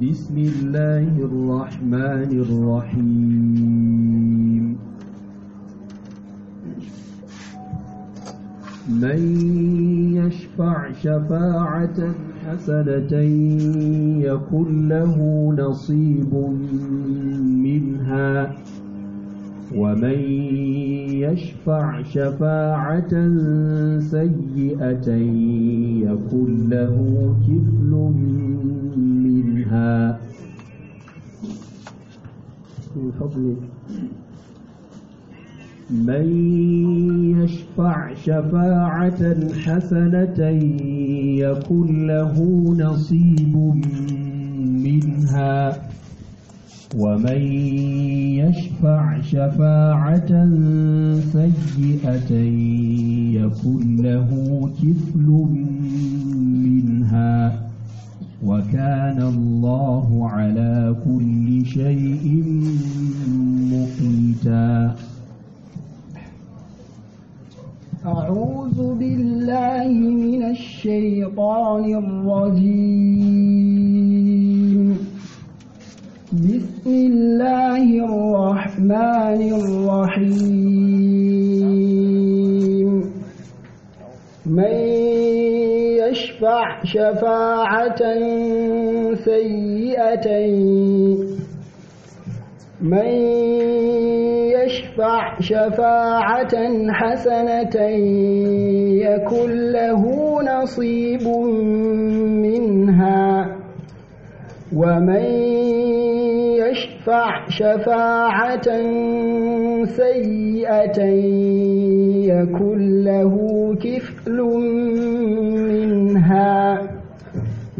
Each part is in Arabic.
بسم الله الرحمن الرحيم من يشفع شفاعة حسنة يكن له نصيب منها ومن يشفع شفاعة سيئة يكن له كفل منها من من يشفع شفاعة حسنة يكن له نصيب منها ومن يشفع شفاعة سيئة يكن له كفل منها وكان الله على كل شيء مقيتا أعوذ بالله من الشيطان الرجيم بسم بسم الله الرحمن الرحيم من يشفع شفاعة سيئة من يشفع شفاعة حسنة يكن له نصيب منها ومن يشفع شفاعة سيئة يكن له كفل منها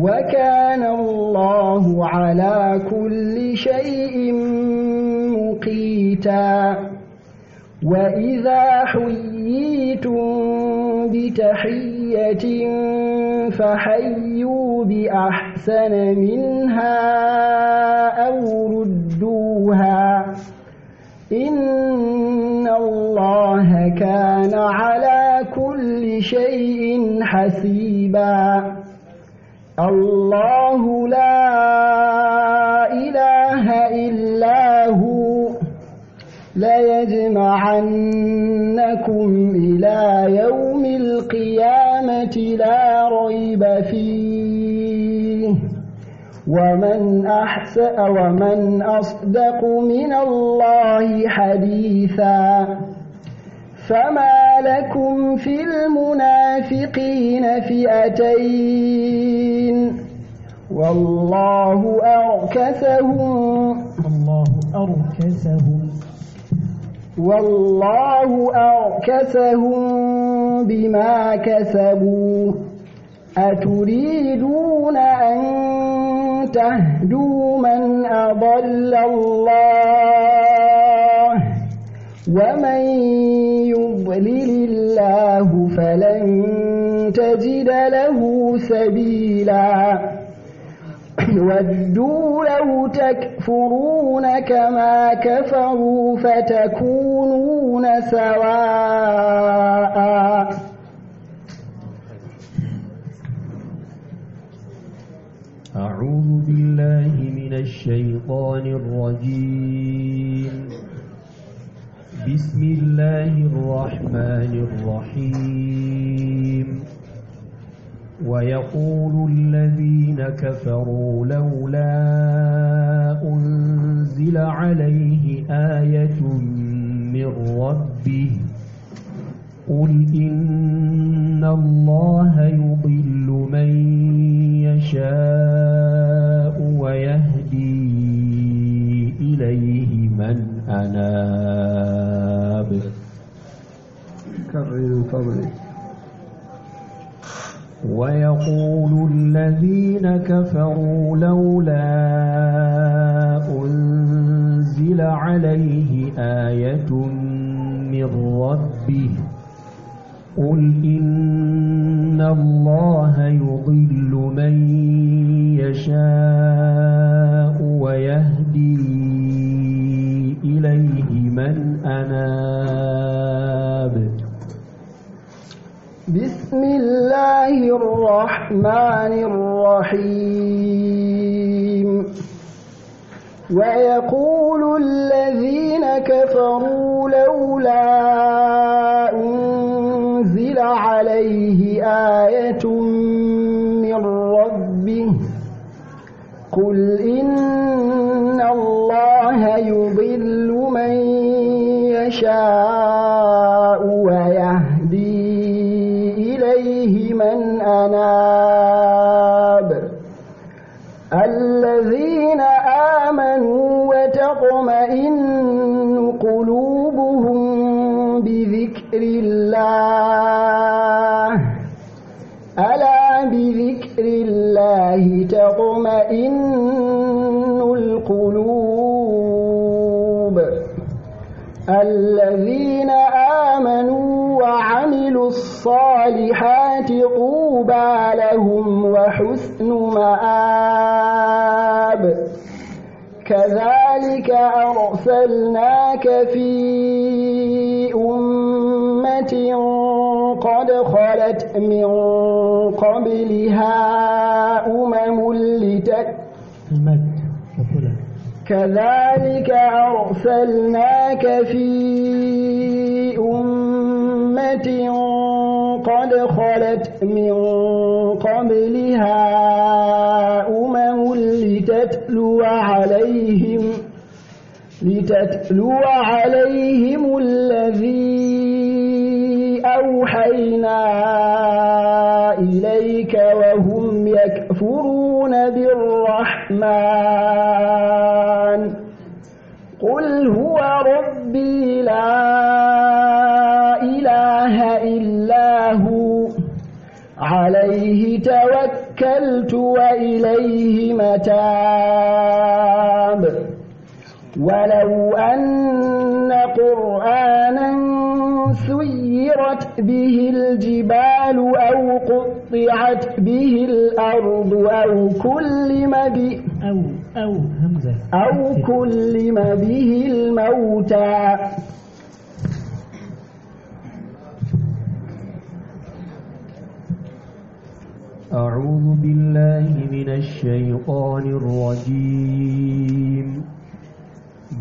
وكان الله على كل شيء مقيتا وإذا حييتم بتحية فحيوا بأحسن منها أو ردوها إن الله كان على كل شيء حسيبا الله لا إله إلا هو ليجمعنكم إلى يوم القيامة لا ريب فيه ومن أحسأ ومن أصدق من الله حديثا فما لكم في المنافقين فئتين والله أركسهم الله أركسهم والله أركسهم بما كسبوا أتريدون أن تهدوا من أضل الله ومن يضلل الله فلن تجد له سبيلا ودوا لو تكفرون كما كفروا فتكونون سواء أعوذ بالله من الشيطان الرجيم بسم الله الرحمن الرحيم ويقول الذين كفروا لولا أنزل عليه آية من ربه قل إن الله يضل من يشاء الأنام كرر فضلك ويقول الذين كفروا لولا أنزل عليه آية من ربه قل إن الله يضل من يشاء الأناب بسم الله الرحمن الرحيم ويقول الذين كفروا لولا أنزل عليه آية من ربه قل إن الله يؤمن يشاء ويهدي إليه من أناب الذين آمنوا وتطمئن قلوبهم بذكر الله ألا بذكر الله تطمئن القلوب الذين آمنوا وعملوا الصالحات طوبى لهم وحسن مآب كذلك أرسلناك في أمة قد خلت من قبلها أمم لتك كذلك أرسلناك في أمة قد خلت من قبلها أمم لتتلو عليهم لتتلو عليهم الذي أوحينا إليك وهم يكفرون بالرحمن توكلت وإليه متاب ولو أن قرآنا سيرت به الجبال أو قطعت به الأرض أو كلم به أو أو همزة أو كلم به الموتى أعوذ بالله من الشيطان الرجيم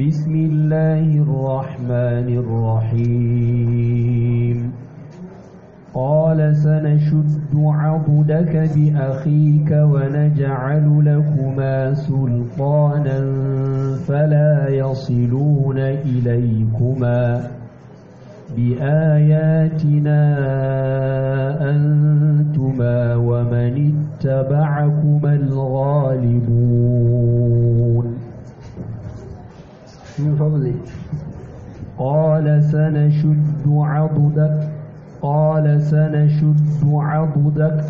بسم الله الرحمن الرحيم قال سنشد عبدك بأخيك ونجعل لكما سلطانا فلا يصلون إليكما بآياتنا أنتما ومن اتبعكما الغالبون من فضلك قال سنشد عضدك قال سنشد عضدك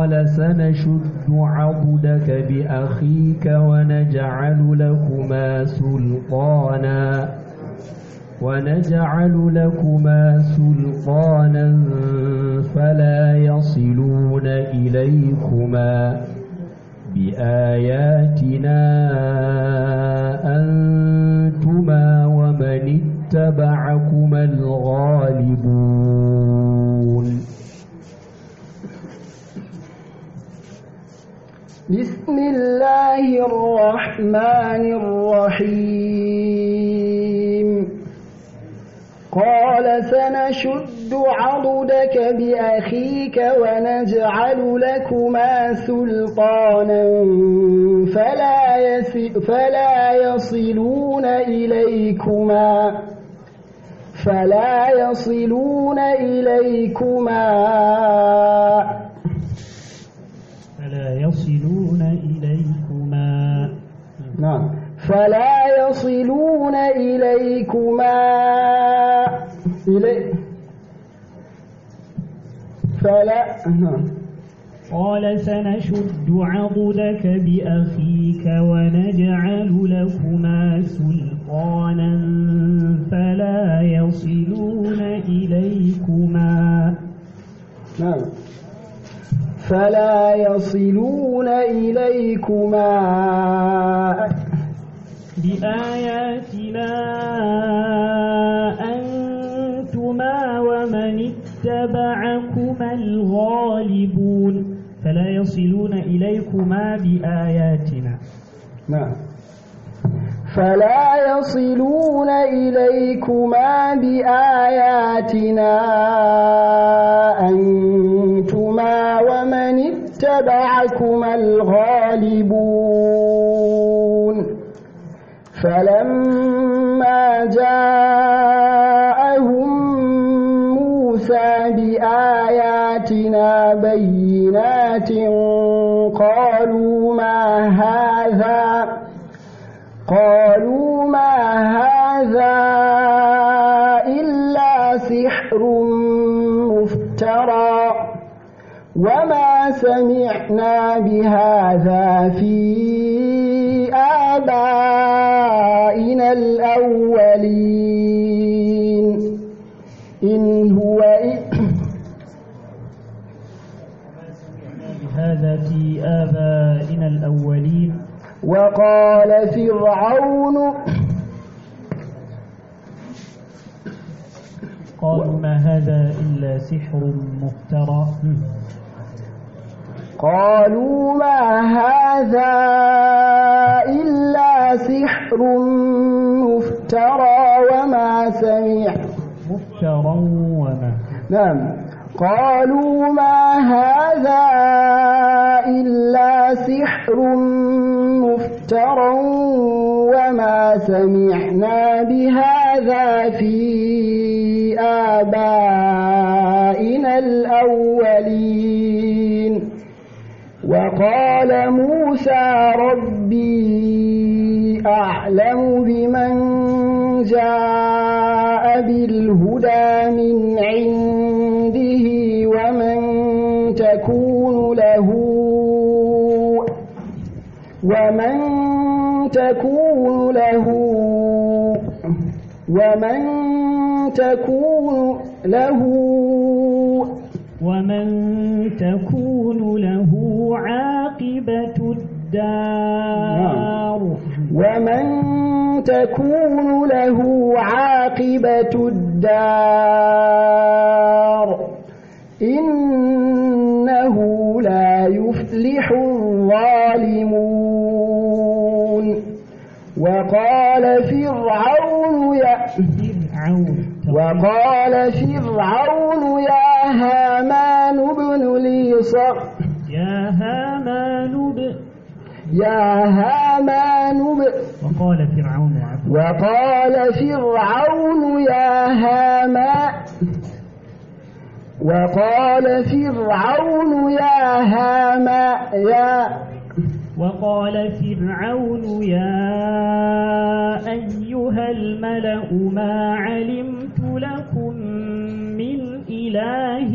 قال سنشد عبدك بأخيك ونجعل لكما سلطانا ونجعل لكما سلطانا فلا يصلون إليكما بآياتنا أنتما ومن اتبعكما الغالبون بسم الله الرحمن الرحيم قال سنشد عضدك بأخيك ونجعل لكما سلطانا فلا, فلا يصلون إليكما فلا يصلون إليكما نعم فلا يصلون إليكما إلي فلا نعم قال سنشد عضدك بأخيك ونجعل لكما سلطانا فلا يصلون إليكما نعم فلا يصلون إليكما بآياتنا أنتما ومن اتبعكما الغالبون فلا يصلون إليكما بآياتنا نعم فلا يصلون إليكما بآياتنا فلما جاءهم موسى بآياتنا بينات قالوا ما هذا قالوا ما هذا إلا سحر مفترى وما سمعنا بهذا في آبائنا الأولين إن هو هذا في آبائنا الأولين وقال فرعون قالوا ما هذا إلا سحر مفترى قالوا ما هذا إلا سحر مفترى وما سمع مفترى وما نعم قالوا ما هذا إلا سحر مفترى وما سمعنا بهذا في آبائنا الأولين وقال موسى ربي أعلم بمن جاء بالهدى من عنده ومن تكون له ومن تكون له ومن تكون له ومن تكون له عاقبة الدار ومن تكون له عاقبة الدار إنه لا يفلح الظالمون وقال فرعون يا وقال فرعون يا هامان ابن لي صرح يا هامان ابن يا هامان ابن وقال فرعون وقال فرعون يا هاما وقال فرعون يا هاما يا وقال فرعون يا أيها الملأ ما علمت لكم من إله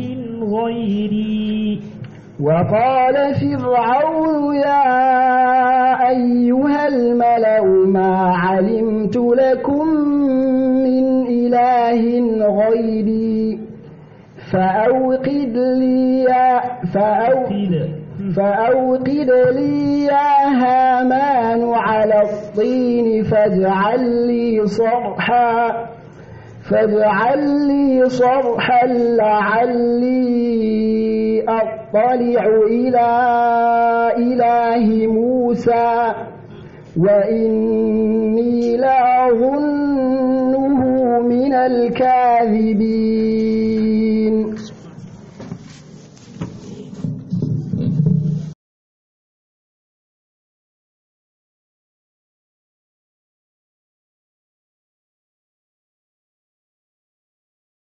غيري وقال فرعون يا فأوقد لي فأوقد فأوقد لي يا هامان على الطين فاجعل لي صرحا فاجعل لي صرحا لعلي أطلع إلى إله موسى وإني لأظنه من الكاذبين